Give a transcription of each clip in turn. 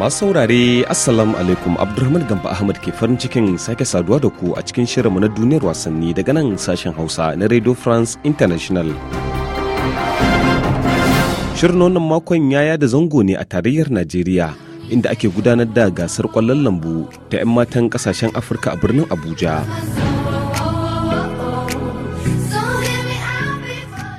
masu saurare assalamu alaikum abdulrahman gamba ahmad ke farin cikin sake saduwa da ku a cikin shirinmu na duniyar wasanni daga nan sashen hausa na radio france international shirin wannan makon yaya da zango ne a tarayyar najeriya inda ake gudanar da gasar kwallon lambu ta 'yan matan kasashen afirka a birnin abuja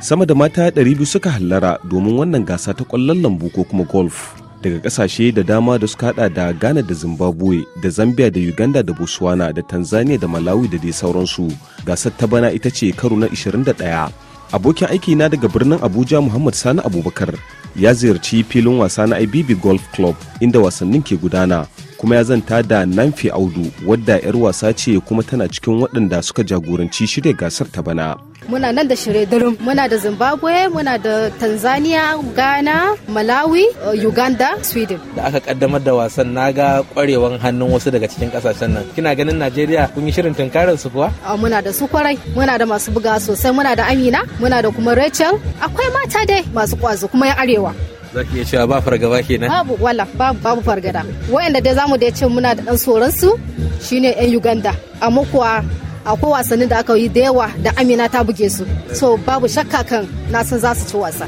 sama da mata 200 suka hallara domin wannan gasa ta kwallon lambu ko kuma golf daga kasashe da dama da suka hada da ghana da zimbabwe da zambia da uganda da botswana da tanzania da malawi da dai sauransu gasar ta bana ita ce karo na 21 abokin aiki na daga birnin abuja muhammad sani abubakar ya ziyarci filin wasa na ibb golf club inda wasannin ke gudana kuma ya zanta da Nanfi Audu wadda 'yar wasa ce kuma tana cikin waɗanda suka jagoranci shirya gasar ta bana. Muna nan da shirye durum muna da Zimbabwe, muna da Tanzania, Ghana, Malawi, uh, Uganda, Sweden. Da aka kaddamar da wasan naga kwarewan hannun wasu daga cikin kasashen nan. Kina ganin Najeriya kun yi shirin tunkarar su kuwa? Uh, muna da su kwarai, muna da masu buga sosai, muna da Amina, muna da kuma Rachel, akwai mata dai masu kwazo kuma ya arewa. za ki iya cewa ba fargaba nan? babu wala babu babu fargaba wa'anda dai zamu da ce muna da dan tsoron su shine yan Uganda amma kuwa akwai wasannin da aka yi da yawa da Amina ta buge su so babu shakka kan na san za su ci wasa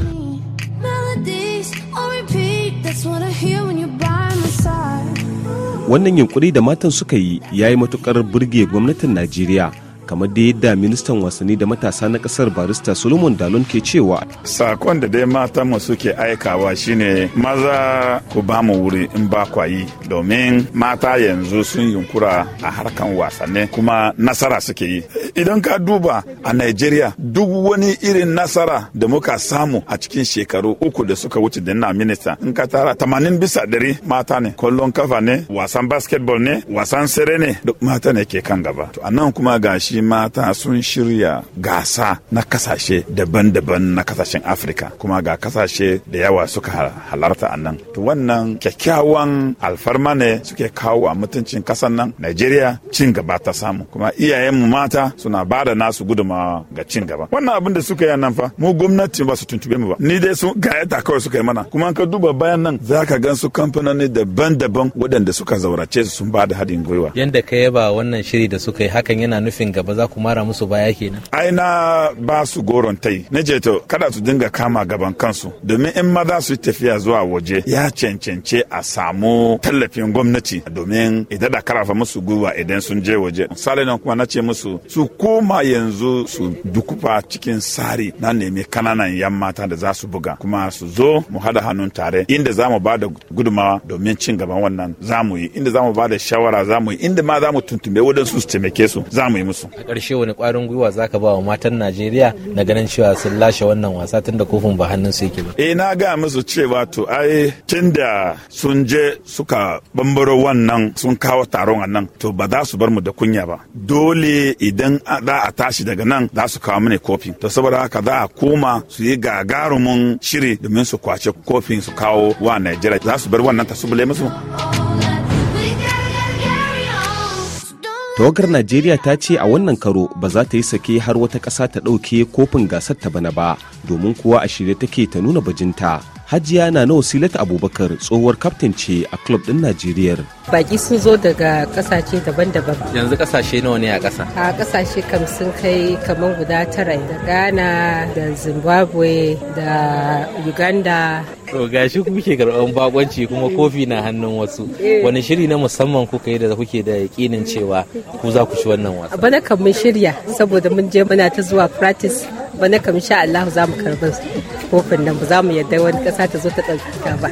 wannan yunkuri da matan suka yi ya yi matukar burge gwamnatin najeriya kamar da yadda ministan wasanni da matasa na kasar barista solomon dalon ke cewa sakon da dai mata mu suke aikawa shine maza ku ba mu wuri in ba kwayi domin mata yanzu sun yunkura a harkan wasanni kuma nasara suke yi idan ka duba a nigeria duk wani irin nasara da muka samu a cikin shekaru uku da suka wuce da na minista in ka tara tamanin bisa dari mata ne kwallon kafa ne wasan basketball ne wasan sere ne duk mata ne ke kan gaba to anan kuma gashi mata sun shirya gasa na kasashe daban-daban na kasashen afirka kuma ga kasashe da yawa suka halarta a nan to wannan kyakkyawan alfarma ne suke kawo a mutuncin kasan nan najeriya cin gaba ta samu kuma iyayenmu mata suna ba da nasu gudumawa ga cin gaba wannan abin da suka yi nan fa mu gwamnati ba su tuntube mu ba ni dai sun gayata kawai suka yi mana kuma ka duba bayan nan za ka gan su kamfanoni daban-daban waɗanda suka zaurace su sun ba da haɗin gwiwa yanda ka yaba wannan shiri da suka yi hakan yana nufin ga ba za ku mara musu baya kenan ai na ba su goron tai na je to kada su dinga kama gaban kansu domin in ma za su yi tafiya zuwa waje ya cancance a samu tallafin gwamnati domin idan da karafa musu gwiwa idan sun je waje misali nan kuma na ce musu su koma yanzu su dukufa cikin sari na nemi kananan yan mata da za su buga kuma su zo mu hada hannun tare inda za mu ba da gudumawa domin cin gaban wannan za mu yi inda za mu ba da shawara za mu yi inda ma za mu tuntube wadansu su taimake su za mu yi musu a ƙarshe wani ƙwarin gwiwa za ka ba wa matan najeriya na ganin cewa sun lashe wannan wasa tun da kofin ba hannun su yake ba eh na ga musu cewa to ai tun da sun je suka bambaro wannan sun kawo taron a nan to ba za su bar mu da kunya ba dole idan za a tashi daga nan za su kawo mini kofin to saboda haka za a koma su yi gagarumin shiri domin su kwace kofin su kawo wa najeriya za su bar wannan ta musu tawagar najeriya ta ce a wannan karo ba za ta yi sake har wata ƙasa ta ɗauke kofin gasar ta bana ba domin kuwa a shirye take ta nuna bajinta hajiya na na wasilata abubakar tsohuwar kaftin ce a club din najeriya baki sun zo daga kasashe daban-daban yanzu kasashe nawa ne a kasa a kasashe kam sun kai kamar guda tara da ghana da zimbabwe da uganda to gashi kuke karɓar bakonci kuma kofi na hannun wasu eh. wani shiri na musamman kuka yi da kuke da yakinin cewa ku za ku ci wannan wasa bana kan mun shirya saboda mun je muna ta zuwa practice bana kam sha Allah za mu karbi kofin nan ba za mu yarda wani ƙasa ta zo ta ɗauka ba.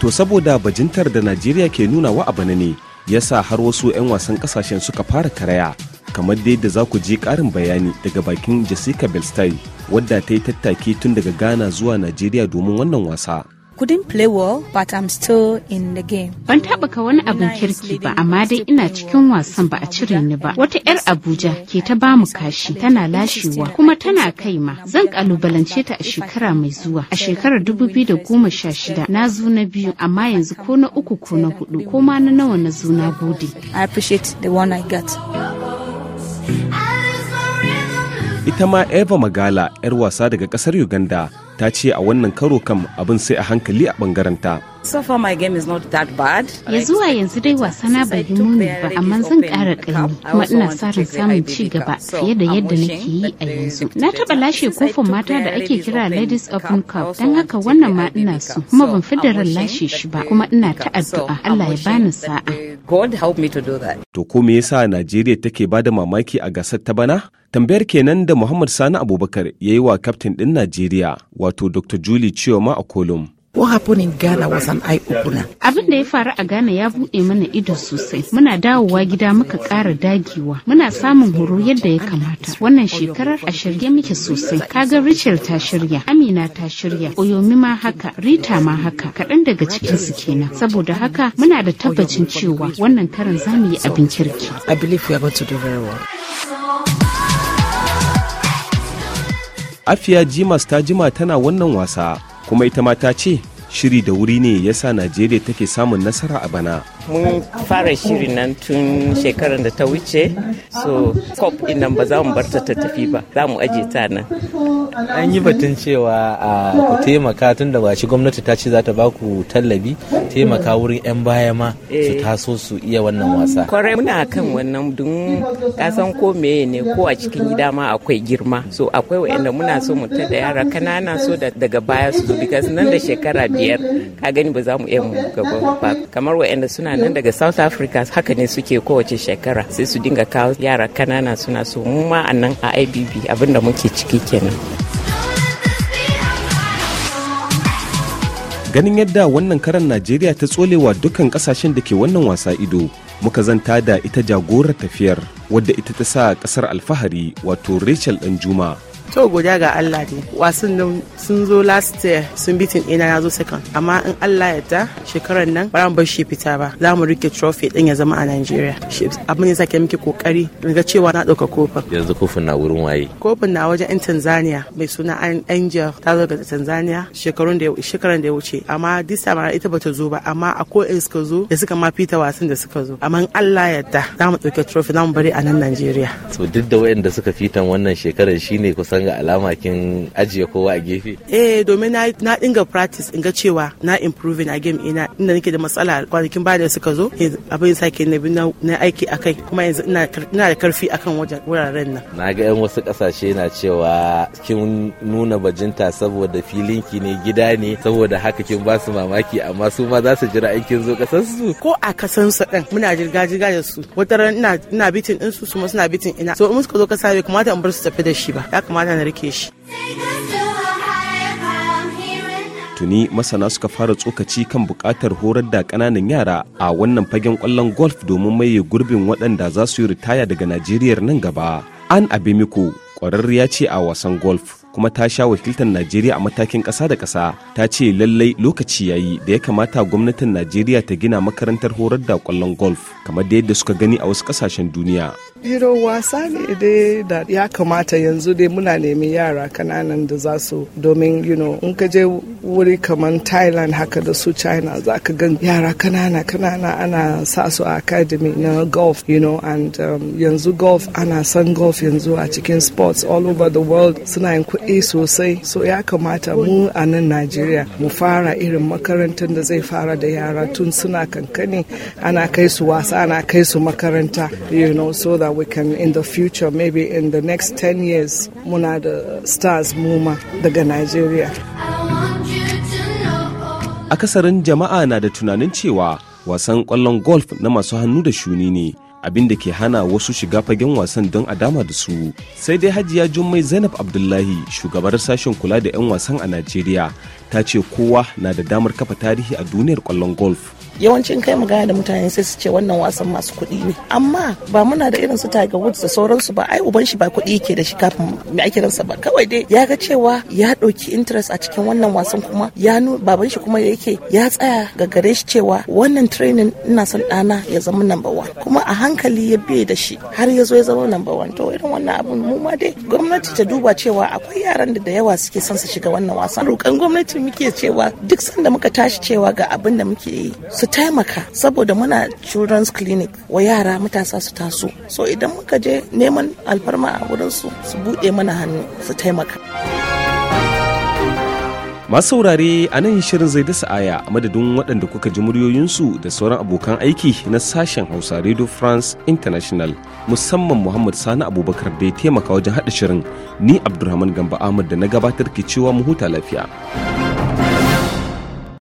To saboda bajintar da Najeriya ke nuna wa abu ne ya sa har wasu 'yan wasan kasashen suka fara karaya kamar dai da za ku je ƙarin bayani daga bakin Jessica Belstein wadda ta yi tattaki tun daga Ghana zuwa Najeriya domin wannan wasa. couldn't play well, but I'm still in the game. Ban taɓa ka wani abin kirki ba, amma dai ina cikin wasan ba a cire ni ba. Wata 'yar Abuja ke ta bamu kashi, tana lashewa, kuma tana kai ma. Zan kalubalance ta a shekara mai zuwa. A shekarar shida na zo na biyu, amma yanzu ko na uku ko na hudu, ko ma na nawa na zo na gode. I appreciate the one I got. Ita ma Eva Magala, 'yar wasa daga ƙasar Uganda, ta ce a wannan karo kam abin sai a hankali a ɓangaranta. So far my game is not that bad. Ya zuwa yanzu dai wasa na bai yi muni ba amma zan ƙara ƙaimi kuma ina sa ran samun ci gaba fiye da yadda nake yi a yanzu. Na taɓa lashe kofin mata da ake kira Ladies Open Cup don haka wannan ma ina so kuma ban fidda ran lashe shi ba kuma ina ta addu'a Allah ya bani sa'a. God help me to do that. To ko me yasa Najeriya take ba da mamaki a gasar ta bana? Tambayar kenan da Muhammad Sani Abubakar ya yi wa kaftin ɗin Najeriya wato Dr. Julie Chioma a kolum. ko happened Ghana was an eye Abin da ya faru a Ghana ya buɗe mana ido sosai. Muna dawowa gida muka ƙara dagewa. Muna samun horo yadda ya kamata. Wannan shekarar a shirye muke sosai. Kaga Rachel ta shirya, Amina ta shirya, Oyomi ma haka, Rita ma haka. Kaɗan daga cikin su kenan. Saboda haka muna da tabbacin cewa wannan karin za mu yi abin kirki. I believe we are going to do very well. Afiya Jimas ta jima tana wannan wasa kuma ita ce shiri da wuri ne ya sa najeriya take samun nasara a bana mun fara shiri nan tun shekarar da ta wuce so cop nan ba za mu bar ta tafi ba za mu aje ta nan an yi batun cewa a ku taimaka tun da washe gwamnati ta ce za ta ba ku tallabi taimaka wurin 'yan baya ma su eh. taso su iya wannan wasa kwarai muna kan wannan don kasan ko meye ne ko a cikin gida ma akwai girma so akwai wa'anda muna so mu ta da yara kanana so daga baya su zo nan da shekara biyar ka gani ba za mu iya mu gaba ba kamar waɗanda suna nan daga south africa haka ne suke kowace shekara sai su dinga kawo yara kanana suna so mu ma a nan a ibb abinda muke ciki kenan ganin yadda wannan karan najeriya ta tsolewa dukkan kasashen da ke wannan wasa ido muka zanta da ita jagorar tafiyar wadda ita ta sa kasar alfahari wato rachel danjuma to godiya ga Allah ne wasan nan sun zo last year sun bitin ina na zo second amma in Allah ya ta shekarar nan ba bar shi fita ba za mu rike trophy din ya zama a Nigeria abin ne sake miki kokari in ga cewa na dauka kofin yanzu kofin na wurin waye kofin na wajen in Tanzania mai suna Angel ta zo daga Tanzania shekarun da shekaran da ya wuce amma this time ita bata zo ba amma a ko in suka zo da suka ma fita wasan da suka zo amma in Allah ya ta za mu dauke trophy za mu bari a nan Nigeria to duk da wayanda suka fitan wannan shekarar shine kusan san ga alama kin ajiye kowa a gefe eh domin na dinga practice in ga cewa na improving a game ina inda nake da matsala kwanakin bada da suka zo eh, abin sake na bi na aiki a kai kuma yanzu ina da karfi akan wajen wuraren nan na ga yan wasu kasashe na cewa kin nuna bajinta saboda filin ki ne gida ne saboda haka kin ba su mamaki amma su ma za su jira in kin zo kasan su ko a kasan su ɗin muna jirga jirga da su wata ran ina bitin din su su ma suna bitin ina so in suka zo kasa bai kamata in bar su tafi da shi ba ya kamata ana rike shi tuni masana suka fara tsokaci kan buƙatar horar da ƙananan yara a wannan fagen ƙwallon golf domin maye gurbin waɗanda za su yi ritaya daga najeriya nan gaba an abimiko ƙwararriya ce a wasan golf kuma ta sha wakiltar Najeriya a matakin ƙasa da ƙasa ta ce lallai lokaci yayi da ya kamata gwamnatin Najeriya ta gina makarantar horar da kwallon golf kamar da yadda suka gani a wasu ƙasashen duniya. Biro wasa ne dai da ya kamata yanzu dai muna nemi yara kananan da za su domin you know in ka je wuri kamar Thailand haka da su China za ka gan yara kanana kanana ana sa su a academy na golf you know and um, yanzu golf ana san golf yanzu a cikin sports all over the world suna yin kuɗi daɗi sosai so ya kamata mu a nan najeriya mu fara irin makarantar da zai fara da yara tun suna kankani ana kai su wasa ana kai su makaranta you know so that we can in the future maybe in the next 10 years muna da stars muma daga najeriya akasarin jama'a na da tunanin cewa wasan kwallon golf na masu hannu da shuni ne abin da ke hana wasu shiga fagen wasan don a dama da su sai dai hajiya jummai zainab abdullahi shugabar sashen kula da 'yan wasan a najeriya ta ce kowa na da damar kafa tarihi a duniyar kwallon golf yawancin kai magana da mutane sai su ce wannan wasan masu kuɗi ne amma ba muna da irin su Tiger Woods da sauransu ba ai uban shi ba kuɗi yake da shi kafin mai ake ransa ba kawai dai ya ga cewa ya ɗauki interest a cikin wannan wasan kuma ya baban shi kuma yake ya tsaya ga gare shi cewa wannan training ina son ɗana ya zama number one kuma a hankali ya biye da shi har ya zo ya zama number one to irin wannan abun mu ma dai gwamnati ta duba cewa akwai yaran da da yawa suke son su shiga wannan wasan rokan gwamnati muke cewa duk sanda muka tashi cewa ga abin da muke yi su taimaka saboda muna children's clinic wa yara matasa su taso so idan muka je neman alfarma a wurinsu su buɗe mana hannu su taimaka. Masu saurare a nan shirin zai da aya a madadin waɗanda kuka ji muryoyinsu da sauran abokan aiki na sashen Hausa Radio France International musamman Muhammad Sani Abubakar da ya taimaka wajen haɗa shirin ni Abdulrahman Gamba Ahmad da na gabatar ke cewa mu huta lafiya.